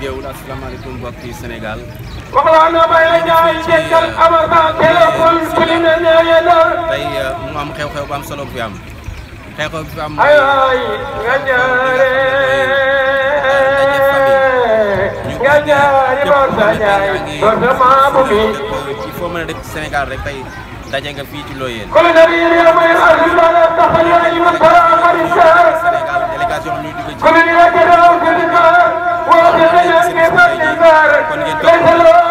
Géewul asalaamaaleykum mbokki Sénégal. waxtaan na may la ñaay jéggal euh, amata téléphone ku ni ne ñaareel tey euh, mu am xew-xew bu am solo bu fi am. xew-xew bu fi am. ay waay nga ñaaree nga ñaari Barza Ndiaye Barza maamu bi. il euh, faut mën a dëkk Sénégal rek tey daje nga fii ci Loyeen. délégation bi ñuy dugg ci. وأخذنا بفضل بارك ليس له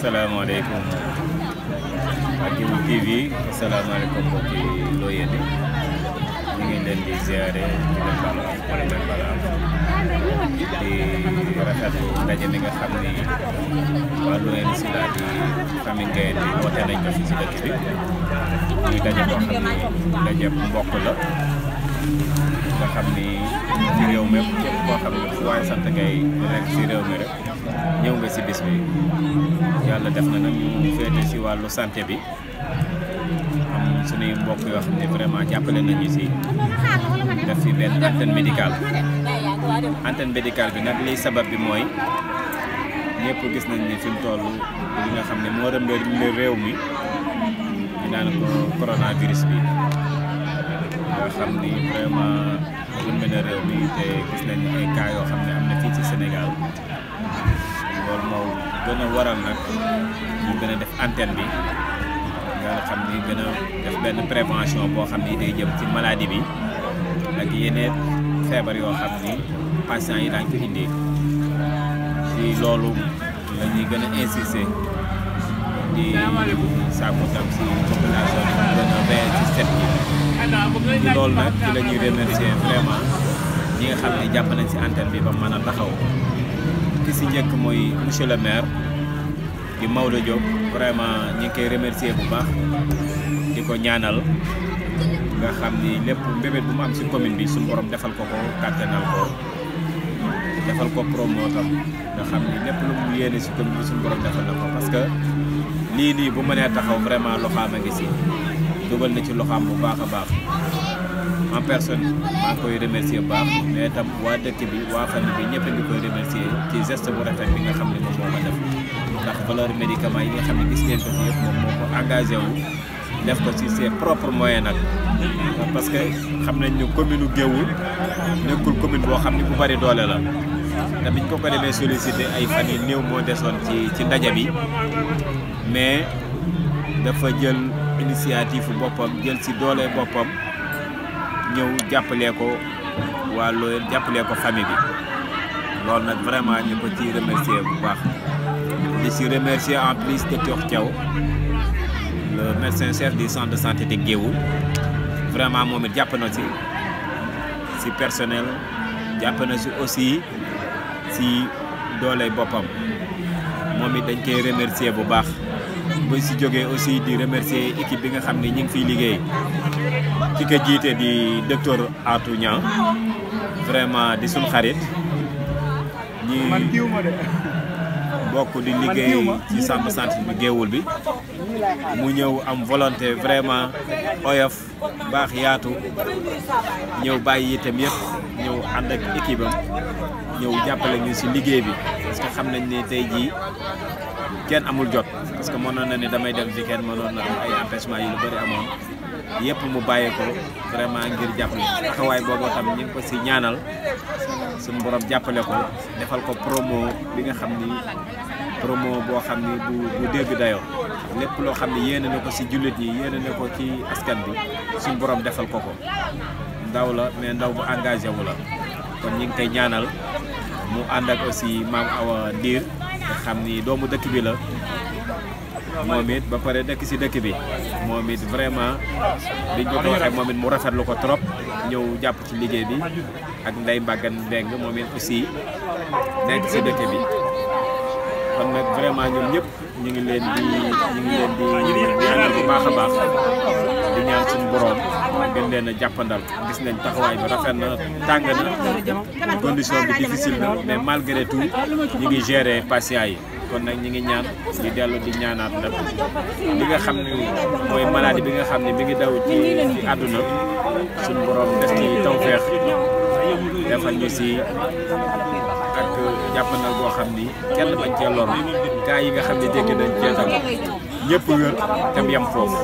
Assalamualaikum, bagi TV Assalamualaikum bagi Loyenne ingin dan di ziare di di leen baalu ak di rafetlu ndaje mi di famille Gaye di woote nañ kami fi si dëkk bi kami daje boo xam ni kami mbokk la nga kami ni yàlla def na nag ñu féete si wàllu sante bi am suñuy mbokk yoo xam ne vraiment jàppale nañu si def fi benn antenne médicale antenne médicale bi nag liy sabab bi mooy ñëpp gis nañ ni fi mu li nga xam ne moo rëmbee réew mi ñu naan ko coronavirus bi nga xam ni vraiment réew mi te gis nañ ay cas yoo xam ne am na fii ci Sénégal loolu moo gën a waral nag ñu def antenne bi nga xam ni gën a def benn prévention boo xam ni day jëm ci maladie bi ak yeneen feebar yoo xam ni patients yi daañ ko indi ci loolu la ñuy gën a insister di sàkku tam ci set yi ci loolu nag la ñuy remercier vraiment ñi nga xam ne jàpp nañ si antenne bi ba mën a taxaw ki si njëkk mooy monsieur le maire di Maodo Diop vraiment ñu ngi koy remercier bu baax di ko ñaanal nga xam ni lépp mbébét bu mu si commune bi suñu borom defal ko ko kàttanal ko defal ko promo tam nga xam ni lépp lu mu yéene si commune bi suñu defal na ko parce que lii nii bu mënee taxaw vraiment loxaam a ngi si dugal na ci loxaam bu baax a baax. en personne maa ngi koy remercier baax mais waa dëkk bi waa famille bi ñëpp a ngi koy remercier ci geste bu rafet bi nga xam ne moom moo ko def ndax valeur médicament yi nga xam ne gis ngeen moom moo ko engagé wu def ko ci ses propres moyens nag parce que xam nañ ne commune u Géoul nekkul commune boo xam ne bu bari doole la bi biñ ko ko demee sollicité ay fan yu néew moo desoon ci ci ndaje bi mais dafa jël initiative boppam jël si doole boppam ñëw jàppalee ko waa Loyal jàppalee ko famille bi lool nak vraiment ñu ko ci remercier bu baax di si remercier en plus docteur Thiaw le médecin chef du centre de santé de Guéou vraiment moom it jàpp na si si personnel jàpp na si aussi si dooley Bopam. moom it dañ koy remercier bu baax bu si jógee aussi di remercier équipe bi nga xam ne ñu ngi ki ko jiite di docteur Atou Niang vraiment di suñ xarit ñi bokk di liggéey ci sàmm sant bi géewul bi mu ñëw am volonté vraiment oyof baax yaatu ñëw bàyyi tam yëpp ñëw ànd ak équipe am ñëw jàppale ñu si liggéey bi parce que xam nañ ne tey jii kenn amul jot parce que mënoon na ne damay dem weekend mënoon na am ay empêchement yu lu bëri amoon yépp mu bàyyi ko vraiment ngir jàppale taxawaay boobu tam ñu ngi ko si ñaanal suñu borom jàppale ko defal ko promo bi nga xam promo bo xam ni bu bu dégg dayoo lépp loo xam ni ne na ko si jullit yi yéene na ko ci askan bi suñu borom defal ko ko ndaw la mais ndaw bu engagé wu la kon ñu ngi ñaanal mu andak ak aussi maam Awa dir nga xam ni doomu dëkk bi la moom ba pare nek ci dëkk bi moom vraiment liñ ko ko waxee moom it mu rafetlu ko trop ñew japp ci liggéey bi ak nday mbagan deng moom aussi nek ci dëkk bi kon nag vraiment ñom ñëpp ñu ngi leen di ñu ngi leen di ñaanal bu baaxa baax di ñaan suñu borom gën leen jappandal gis nañ taxaway bi rafet na tàng na condition bi difficile na mais malgré tout ñu ngi gérer patient yi kon nak ñi ngi ñaan di delu di ñaanat nak bi nga xamni moy maladie bi nga xamni bi ngi daw ci aduna sun borom def ci tawfeex defal ñu ci ak jàppandal boo xam ni kenn bañ ci lor gaay yi nga xamni ne nañ ci tax ñepp wër tam yam fofu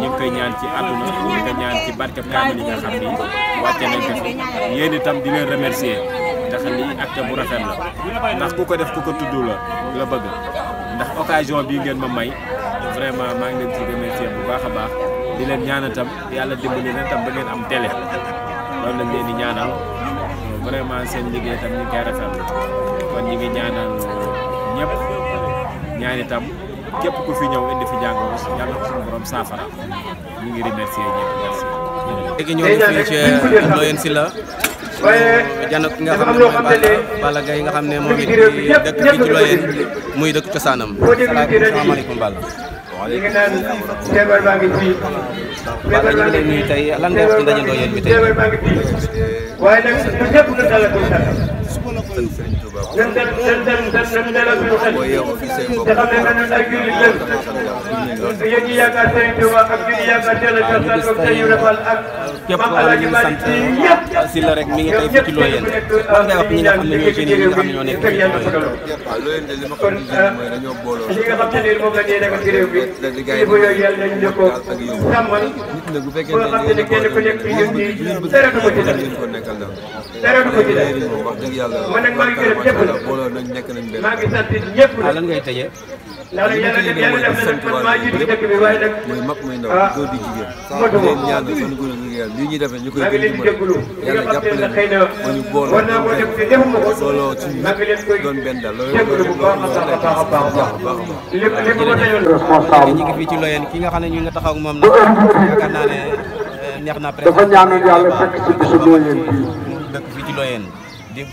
ñu ngi koy ñaan ci aduna ñu ngi koy ñaan ci barke kaamil yi nga xamni ni nañ ko fi tam di leen remercier ndax lii acte bu rafet la ndax ku ko def ku ko tudd la la bëgg ndax occasion bii ngeen ma may vraiment maa ngi leen ci remercier bu baax a baax di leen ñaanal tam yàlla dimbali leen tam ba ngeen am télé loolu lañ leen di ñaanal vraiment seen liggéey tam ñu koy rafetlu kon ñi ngi ñaanal ñëpp ñaani tam képp ku fi ñëw indi fi jàngoro yàlla ko suñu borom saafara ñu ngi remercier ñëpp merci. léegi ñoo ngi fii ci Ndoyeen Sylla janok ki nga xam ne mooy Balla Balla Gaye nga xam ne moom it dëkk bi muy dëkk cosaanam salaamaaleykum Balla waaleykum salaam teebal baa lan nga bi tey nan dem nan dem nan delloo suñu xel te xam ne man ay jullit lañ yéen ñi yaakaar Serigne Touba ak ñi yaakaar Cheikh Ibra Fall ak Serigne Ibra Fall ak képp koo xam ne ñu sant si la rek mi ngi tey fii ci Loyeen lan ngay wax ñi nga xam ne ñoo jeunes yi nga xam ne ñoo nekk fii kon li nga xam ne moom la ñuy nekk ci réew bi kilifa yooyu yàlla nañu ne ko sàmmal ba nga xam ne kenn ku nekk ñun ñii teratu ko ci def teratu ko ci def man nag maa ngi gërëm ñëpp maa ngi sant ñëpp nag. Ah, lan ngay tëjee. lan la yàlla def yàlla def na nag man maa jiitu dëkk ñu yàlla ñu koy gën di mën yàlla jàppale ñu ba ñu booloo war naa ko def doon benn daal loolu loolu a baax a ñu ngi ci Loyenne ki nga xam ne ñu nga taxaw moom nag yaakaar naa ne euh, neex na dafa ñaanoon yàlla fekk ci bisu Loyenne bi dëkk fii ci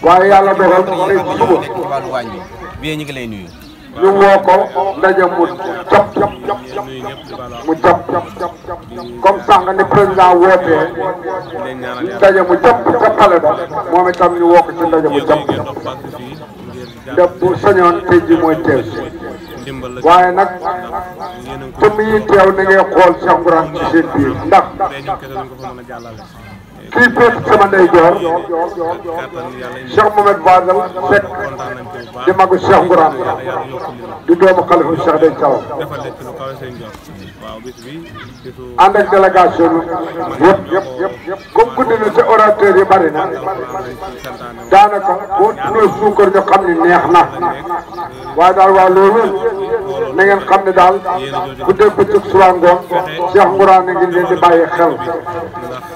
waaye yàlla dogal day jubóo nekk ci wàllu waañ bi bii ñu ngi lay nuyu. ñu woo ko ndaje mu cap mu cap comme sànq ni président wootee ndaje mu cap cappale ba moom itam ñu woo ko ci ndaje mu cap te bu sañoon tey ji teew waaye nag te muy teew na ngay xool Cheikh Bourane ci seen biir ndax kii fépp sama ndeyjoor Cheikh Mohamed Fadal Seck di magu Cheikh Ngourane di doomu xalifu Cheikh Dey Thiaw ànd ak délégation yëpp yëpp comme guddi na sa orateur yi bari na daanaka boo tuddee suukar xam ni neex na waaye daal waa loolu na xam ne daal ku dégg bëccëg suba ngoon Cheikh Ngourane ngi di bàyyi xel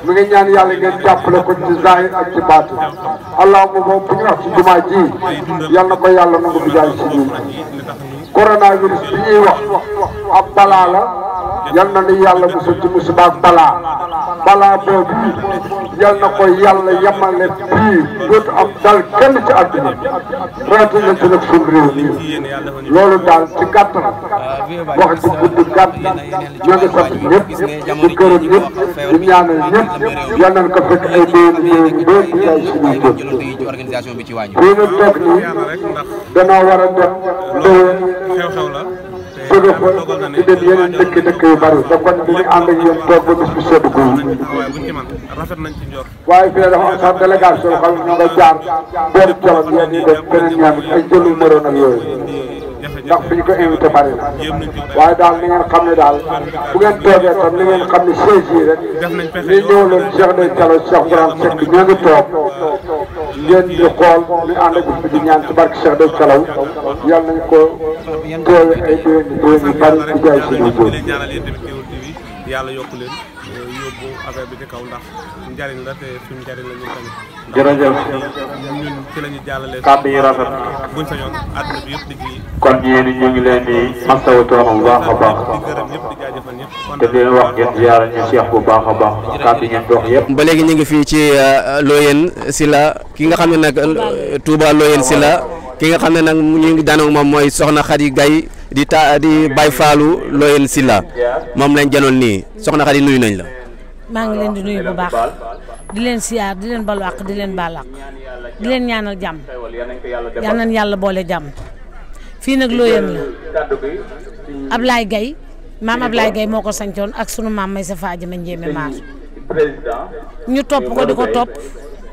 mi ngi ñaan yàlla ngeen jàppale ko ci zaahir ak ci baatu allahuma moom bu ñu wax ci jumaa ji yal na ko yàlla nangu bi jaay si ñun coronavirus bi ñuy wax ab balaa la yal na nu yàlla musal ci musiba ak balaa balaa boobu yal na ko yàlla yemale fii dootu am dal kenn ci àdduna rawatina na ci nag suñu réew mi loolu daal ci gàttal wax ji gudd gàtt ñoo ngi sant ñëpp di gërëm ñëpp di ñaanal ñëpp yal nañ ko fekk ay déwén déwén déwén ci ay suñuy jëm fii ñu toog nii war a def jóge ko di dem yeneen dëkk dëkk yu bari ba kon bi ñu ànd ak yéen toog ba bi sedd ko waaye fii dafa am sax délégation xam ñu nga jaar boori Jolof yéen ñi dem beneen ñaar ay jëlu mëroon yooyu ndax suñ ko invité bari na waaye daal ni ngeen xam ne daal bu ngeen toogee tam ni ngeen xam ne chaise yi rek ñi ñëwaloon Cheikh de Thialo Cheikh Birahim Seck ñoo ngi toog ngeen di xool ñu ànd ak bis bi di ñaan ci barke Cheikh de Thialo yal nañ ko teewe ay déwén déwén yu bari di jaay suñu góor yàlla yokk leen eh, yóbbu affaire bi ci kaw ndax njariñ la te suñu njariñ la ñu tamit. jërëjëf ñun ci la ñu jàllale. yi rafet na buñ sañoon àdduna bi yëpp di ci. kon yéen ñu ngi leen di masawu toog bu baax baax. te di wax ngeen ziara ñu Cheikh bu baax baax kàddu ngeen dox yëpp. ba léegi ñu ngi fii ci euh, Loyenne Sylla ki nga xam ne Touba Loyenne Sylla ki nga xam ne ñu ngi daanoo moom mooy Soxna Khady Gaye di ta di bay faalu Loyel sila, mom lañ janoon ni soxna xali nuyu nañ la ma ngi leen di nuyu bu baax di leen siyaar di leen balwaq di leen baal di leen ñaanal jam yal nañ boole jam fi nak looyeen la ablay gay mam ablay gay moko santion ak sunu mam Maysa Faaji ma njéeme maar ñu top ko di top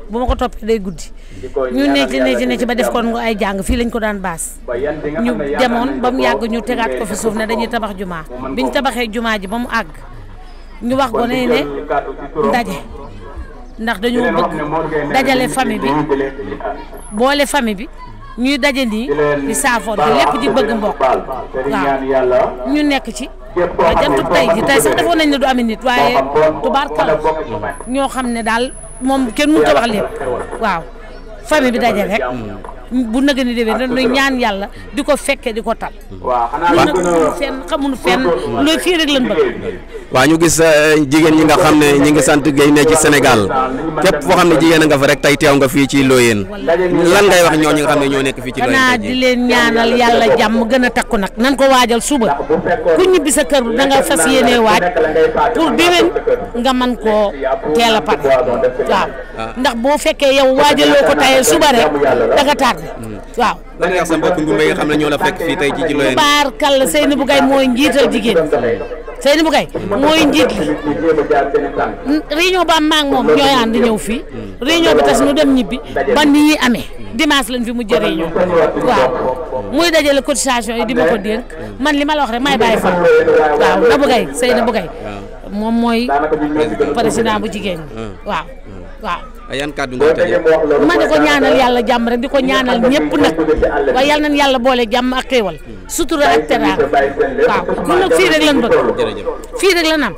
buma topi ko topé day goudi ñu ne ci ne ci ci ba def koon ay jang fi lañ ko daan bass ñu demoon bam yag ñu tégaat ko fi suuf né dañuy tabax juma biñ tabaxé juma ji ba ag ñu wax goné né dajé ndax dañu bëgg dajalé famille bi boole famille bi ñuy daje li di safo te lépp di bëgg mbokk ñu nekk ci ba jantub tey ji tey sax defoon nañ ne du ami nit waaye moom kenn mënut a wax lépp waaw famille bi daje rek. Mm. bu nëgë ni déwén dañuy ñaan yàlla di ko fekkee di ko tal. waaw xanaa fenn xamuñu fenn loolu fii rek lañ bëgg. waaw ñu gis euh, jigéen ñi nga xam ne ñi nga sant Guèye ne ci Sénégal képp foo xam ne jigéen a nga fa rek tey teew nga fii ci Loyeen lan ngay wax ñoo ñi nga xam ne ñoo nekk fii ci Loyeen xanaa di leen ñaanal yàlla jàmm gën a takku nag nan ko waajal suba ku ñibbi sa kër da nga fas yéenee waaj pour déwén nga mën koo teel a pat ndax boo fekkee yow waajaloo ko tayee suba rek da Mm. waaw. lan nga sa mbokk Ndoumbé nga xam ne ñoo la fekk fii tey jii ci loolu. tubaarkàlla Seynabou Gaye mooy njiital jigéen Seynabou mooy njiit li réunion ba am moom ñooy ànd ñëw fii mm. réunion bi tas nu dem ñibbi ba ni ñuy amee mm. dimanche lañ fi mujj réunion waaw muy dajale cotisation yi di ma ko dénk man li ma la wax rek may bàyyi fa waaw Nabou Gaye Seynabou Gaye moom mooy président bu jigéen ñi waaw Ah, yan kàddu nga ma di ko ñaanal yàlla jàmm rek di ko ñaanal ñëpp nag waaye yal nañ yàlla boole jàmm ak xéewal hmm. sutura a teraanga waaw mun nag fii rek lan bëgg fii rek lan am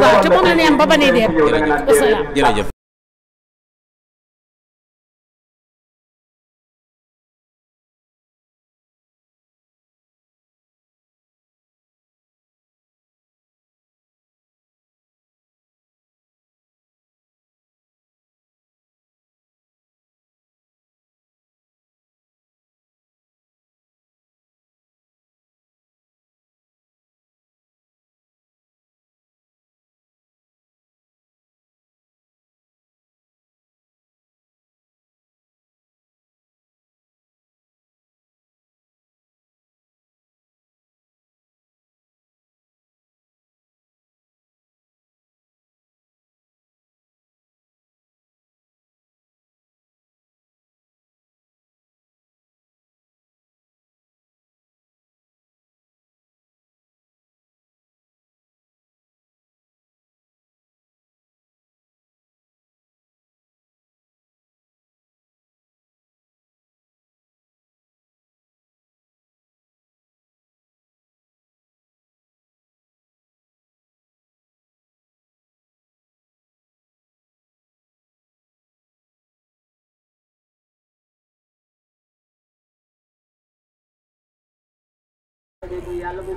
waaw te moom la ne am ba banee deer wasalaam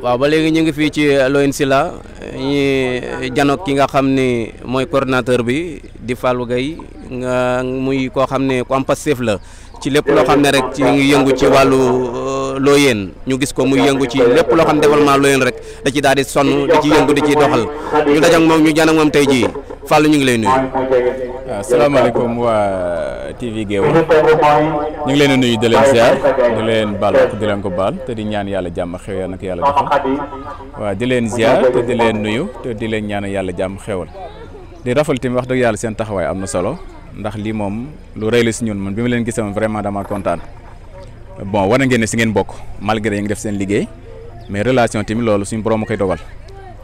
waaw ba léegi ñu ngi fii ci Loyne Sylla ñi janoog ki nga xam ne mooy coordinateur bi di Fallou gay nga muy koo xam ni ku am la ci lépp loo xam ne rek ci ngi yëngu ci wàllu uh, Loyeen ñu gis ko muy yëngu ci lépp loo xam ne développement Loyeen rek da ci daal di sonn da ci yëngu di ci doxal ñu dajak moom ñu janoog moom tey jii Fall ñu ngi lay nuyu wa TV Géewa ñu ngi lay nuyu de len ziar de len bal ak di len ko bal te di ñaan yàlla jàmm xewal nak yalla defal wa di len ziar te di len nuyu te di len ñaan yalla jamm xewal di rafal tim wax deug yalla seen taxaway amna solo ndax li mom lu reey la si ñun man bima len gisse man vraiment dama kontaan bon wana ngeen ci ngeen bok malgré yi ngi def seen liguey mais relation tim lolu suñu borom dogal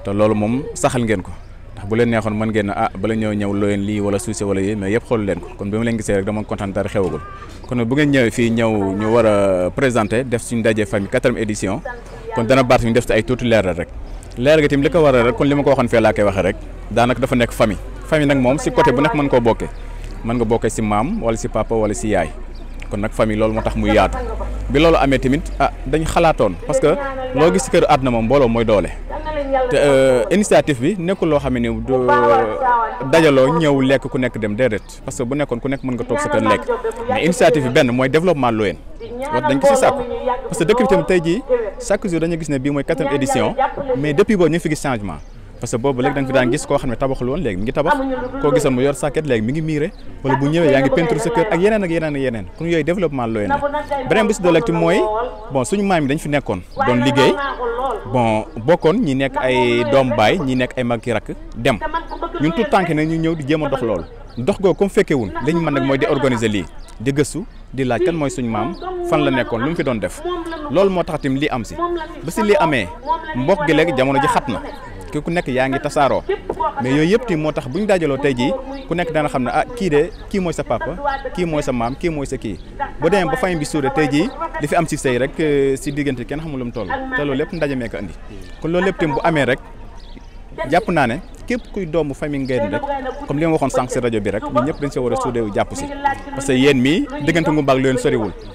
te lolu mom saxal ngeen ko ndax bu leen neexoon mën ngeen ah bala ñëw ñëw loo leen lii wala suuse wala yii mais yëpp xoolu leen ko kon bi ma leen gisee rek dama kontaan dara xewagul kon bu ngeen ñëwee fii ñëw ñu war a présenté def suñu dajee famille quatrième édition kon dana baat ñu def si ay tuuti leeral rek leeral ga tamit li ko waral rek kon li ma ko waxoon fee laa koy waxee rek daanaka dafa nekk famille fami nag moom si côté bu nekk mën koo bokkee mën nga bokkee si maam wala si papa wala si yaay kon nag famille loolu moo tax muy yaatu bi loolu amee tamit ah dañ xalaatoon parce que loo gis si kër àdduna moom mbooloo mooy doole te euh, initiative bi nekkul loo xam ne du euh, dajaloo ñëw lekk ku nekk dem déedéet parce que bu nekkoon ku nekk mën nga toog sa kër lekk mais initiative bi benn mooy développement Loyeen wax dañ ko si sàkku parce que dëkk bi tamit tey jii chaque jour dañu gis ne bii mooy quatrième édition mais depuis boobu ñu fi changement. parce que boobu léegi da nga fi daan gis koo xam ne tabaxul woon léegi mi ngi tabax koo gisoon mu yor sàkket léegi mi ngi miire wala bu ñëwee yaa ngi peinture sa kër ak yeneen ak yeneen ak yeneen kon yooyu développement looy na beneen bis de l'acte mooy bon suñu maam yi dañ nekkoon doon liggéey bon bokkoon ñi nekk ay doom baay ñi nekk ay mag yi dem ñun tout tànk nag ñu ñëw di jéem a dox loolu dox googu comme fekkewun li ñu mën nag mooy di organiser lii di di laaj kan mooy suñu maam fan la nekkoon lu mu fi doon def loolu moo tax tamit lii am si ba si lii amee mbokk gi léegi jamono ji xat na te ku nekk yaa ngi tasaaroo mais yooyu yëpp ti moo tax bu ñu dajaloo tey jii ku nekk dana xam ne ah kii de kii mooy sa papa kii mooy sa maam kii mooy sa kii bu demee ba famille bi suuree tey jii li fi am si sëy rek euh, si diggante kenn xamul lu mu toll te loolu lépp ndaje mee ko indi kon loolu lépp tim bu amee rek jàpp naa ne képp kuy doomu famille ngeen rek comme li ma waxoon sànq si rajo bi rek ñun ñëpp dañ si war a suudeewu jàpp si parce que yéen mii diggante ngu mbaag leen soriwul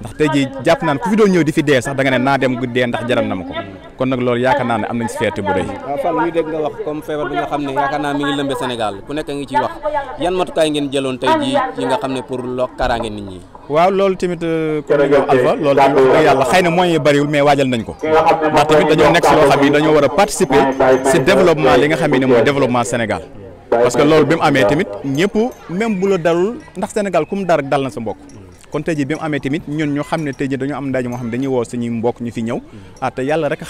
ndax tay jii japp nan ku fi do ñew di fi dé sax da nga né na dem guddé ndax jaram na mako kon nak lool yaaka naa am nañ si feete bu rëy wa Fall ñu dégg nga wax comme feebar bi nga xamné yaaka na mi ngi lëmbe Sénégal ku nekk nga ci wax yan matu matukaay ngeen jëlon tay jii yi nga xamné pour lo karangé nit ñi wa lool timit ko euh, dëgg alpha loolu tamit dëgg yàlla xëy na moyens yi mais wajal nañ ko ndax tamit dañu nekk ci lo xam bi dañu wara participer ci développement li nga xam ne moy développement Sénégal parce que lool bimu amé timit ñepp même bu lo dalul ndax Sénégal kum dar dal na sa mbokk kon tey ji bi mu amee tamit ñun ñoo xam ne tey ji dañu am ndaje moo xam ne dañuy woo suñuy mbokk ñu fi ñëw mm. ah,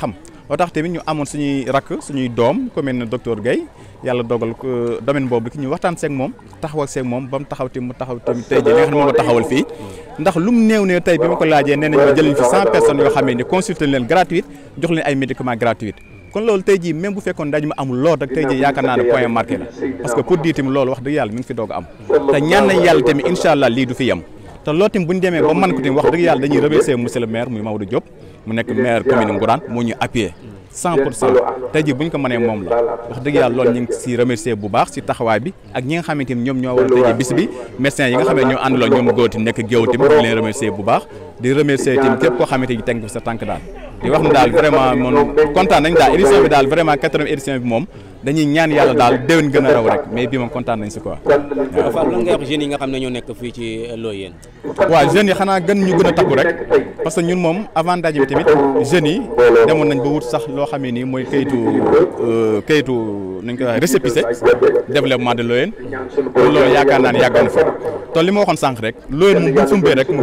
xam loo tax tamit ñu amoon suñuy rakk suñuy doom ku mel ne docteur Guèye yàlla dogal euh, domaine boobu ki ñu waxtaan seeg moom taxawal ak moom ba mu taxaw tamit mu taxaw tamit tey taxawal fii ndax lu mu néew ne tey bi ma ko laajee nee nañ ma fi cent personnes yoo xamee ni consulté leen gratuite jox leen ay médicaments gratuite kon loolu tey jii même bu fekkoon ndaje mi amul lool rek tey jii yaakaar naa ne point marqué la parce que pour dire loolu wax dëgg yàlla mi ngi fi doog yàlla tamit incha allah lii du fi yem te loolu tamit bu ñu demee ba man ko tamit wax dëgg yàlla dañuy remercier monsieur le maire muy Maodo Diop mu nekk maire commune Ngourane moo ñu appuyé cent pour cent tey jii bu ko mënee moom la wax dëgg yàlla loolu ñu si remercier bu baax si taxawaay bi ak ñi nga xamante ni ñoom ñoo war a tey jii bis bi médecins yi nga xam ne ñoo àndaloon ñoom góoti nekk géew tamit ñu leen remercier bu baax di remercier tamit képp koo xamante ni teg nga sa tànk daal di wax na daal vraiment moom kontaan nañ daal édition bi daal vraiment quatrième édition bi moom dañuy ñaan yàlla daal déwén gën a raw rek mais bii moom kontaan nañ si quoi. waaw Fall lan yi nga xam ne ñoo nekk fii ci Loyenne. waaw jeunes yi xanaa gën ñu gën a takku rek parce que ñun moom avantage bi tamit jeunes yi demoon nañ ba wut sax loo xam ne nii mooy kayitu euh, kayitu nañ koy waxee récépissé développement de Loyenne loolu yaakaar naa ne yàggoon na fa te li ma waxoon sànq rek Loyenne moom bu ñu sumbee rek mu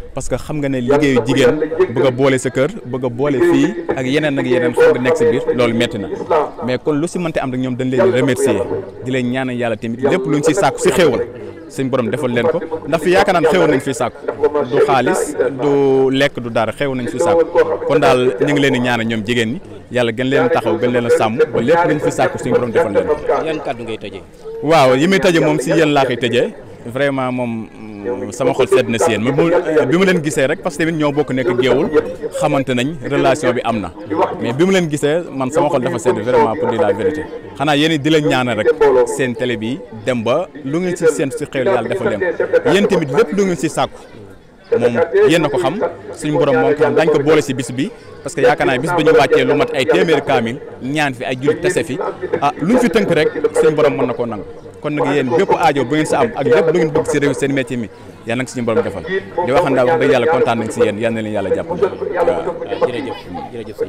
parce que xam nga ne liggéeyu jigéen bëgg a boole sa kër bëgg a boole fii ak yeneen ak yeneen xam nga nekk si biir loolu metti na mais kon lu si mënti am rek ñoom dañ leen di remercier di leen ñaanal yàlla tamit lépp luñ si sàkku si xéewal suñ borom defal leen ko ndax fi yaakaar naan xéew fi sàkku du xaalis du lekk du dara xéew nañ fi sàkku kon daal ñu ngi leen di ñoom jigéen ñi yàlla gën leen taxaw gën leen a sàmm ba lépp luñ fi sàkku suñ borom defal sama xol sedd na si yéen bi ma leen gisee rek parce que tamit ñoo bokk nekk géewul xamante nañ relation bi am na mais bi ma leen gisee man sama xol dafa sedd vraiment pour dire la vérité xanaa yéen di leen ñaanal rek seen télé bi dem ba lu ngeen si seen si xewli yàlla dafa dem yéen tamit lépp lu ngeen si sàkku moom yéen na ko xam suñu borom moom xam dañ ko boole si bis bi parce que yaakaar naa bis ba ñu wàccee lu mat ay téeméeri kaamil ñaan fi ay jullit tase fi ah, tënk rek borom mën na koo nangu kon nag yéen bépp aajo bu ngeen si am ak lépp lu ngeen bëgg si réew seen métier mi yal na ko suñu borom defal di waxan daal wax dëgg yàlla kontaan nañ si yéen yal na leen yàlla jàppale waaw jërëjëf jërëjëf sëñ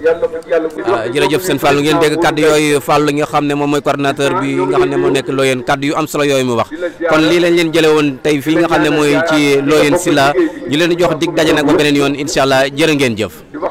ah, jërëjëf sëñ Fallou ngeen dégg kaddu yooyu Fallou nga xam ne moom mooy coordinateur bi nga xam ne moo nekk Loyenne kaddu yu am solo yooyu mu wax kon lii lañ leen jële woon tey fii nga xam ne mooy ci si Silla ñu leen jox dig daje nag ba beneen yoon incha allah jërë ngeen jëf